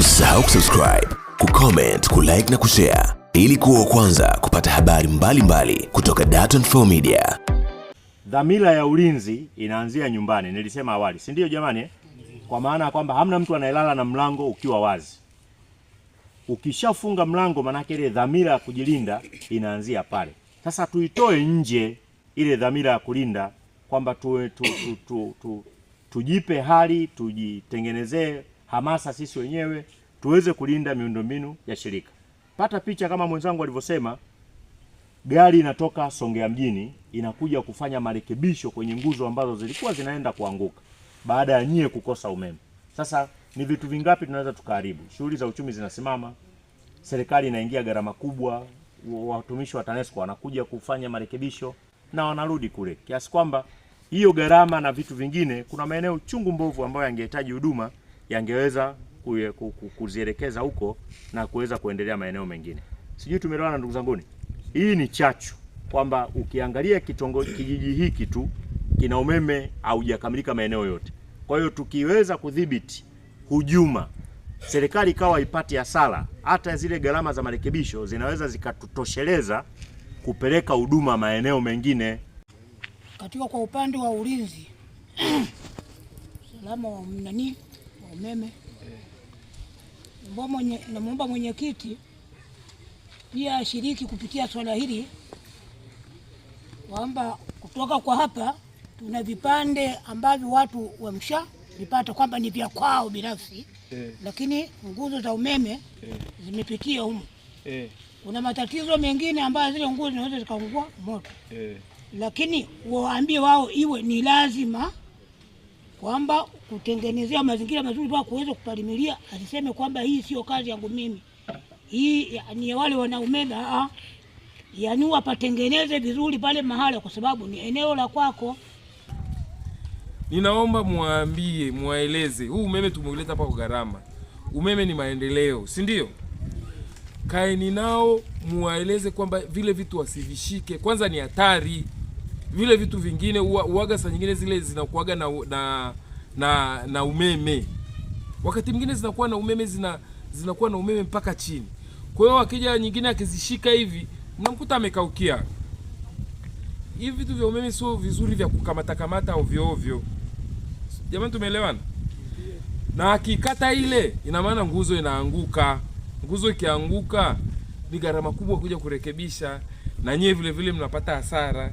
Usisahau kusubscribe, kucomment, kulike na kushare ili kuwa kwanza kupata habari mbalimbali mbali kutoka Dar24 Media. Dhamira ya ulinzi inaanzia nyumbani, nilisema awali, si ndio jamani? Kwa maana ya kwamba hamna mtu anayelala na mlango ukiwa wazi. Ukishafunga mlango, maanake ile dhamira ya kujilinda inaanzia pale. Sasa tuitoe nje ile dhamira ya kulinda kwamba tu, tu, tu, tu, tu, tujipe hali tujitengenezee hamasa sisi wenyewe tuweze kulinda miundombinu ya shirika. Pata picha kama mwenzangu alivyosema, gari inatoka Songea mjini inakuja kufanya marekebisho kwenye nguzo ambazo zilikuwa zinaenda kuanguka baada ya nyie kukosa umeme. Sasa ni vitu vingapi tunaweza tukaharibu? Shughuli za uchumi zinasimama, serikali inaingia gharama kubwa, watumishi wa TANESCO wanakuja kufanya marekebisho na wanarudi kule, kiasi kwamba hiyo gharama na vitu vingine, kuna maeneo chungu mbovu ambayo yangehitaji huduma yangeweza kuzielekeza huko na kuweza kuendelea maeneo mengine. Sijui tumeelewana ndugu zanguni, hii ni chachu kwamba ukiangalia kitongo kijiji hiki tu kina umeme haujakamilika maeneo yote. Kwa hiyo tukiweza kudhibiti hujuma, serikali ikawa ipati hasara, hata zile gharama za marekebisho zinaweza zikatutosheleza kupeleka huduma maeneo mengine. Katika kwa upande wa ulinzi usalama wa nani wa umeme. Namwomba mwenyekiti pia ashiriki kupitia swala hili kwamba kutoka kwa hapa tuna vipande ambavyo watu wamsha vipata kwamba ni vya kwao binafsi eh, lakini nguzo za umeme eh, zimepitia humo eh. Kuna matatizo mengine ambayo zile nguzo zinaweza zikaungua moto eh, lakini waambie wao iwe ni lazima kwamba kutengenezea mazingira mazuri pa kuweza kupalimilia, asiseme kwamba hii sio kazi yangu mimi, hii ni ya wale wanaumeme. Ah, yani wapatengeneze vizuri pale mahala, kwa sababu ni eneo la kwako. Ninaomba mwambie, mwaeleze huu umeme tumeuleta hapa kwa gharama. Umeme ni maendeleo, si ndio? Kaeni nao muwaeleze kwamba vile vitu wasivishike, kwanza ni hatari vile vitu vingine uwaga saa nyingine zile zinakuaga na, na na na umeme, wakati mwingine zinakuwa na umeme zina zinakuwa na umeme mpaka chini. Kwa hiyo akija nyingine akizishika hivi mnamkuta amekaukia. Hivi vitu vya umeme sio vizuri vya kukamata kamata ovyo ovyo. Jamani, tumeelewana? Na akikata ile, ina maana nguzo inaanguka. Nguzo ikianguka ni gharama kubwa kuja kurekebisha, na nyie vile vile mnapata hasara.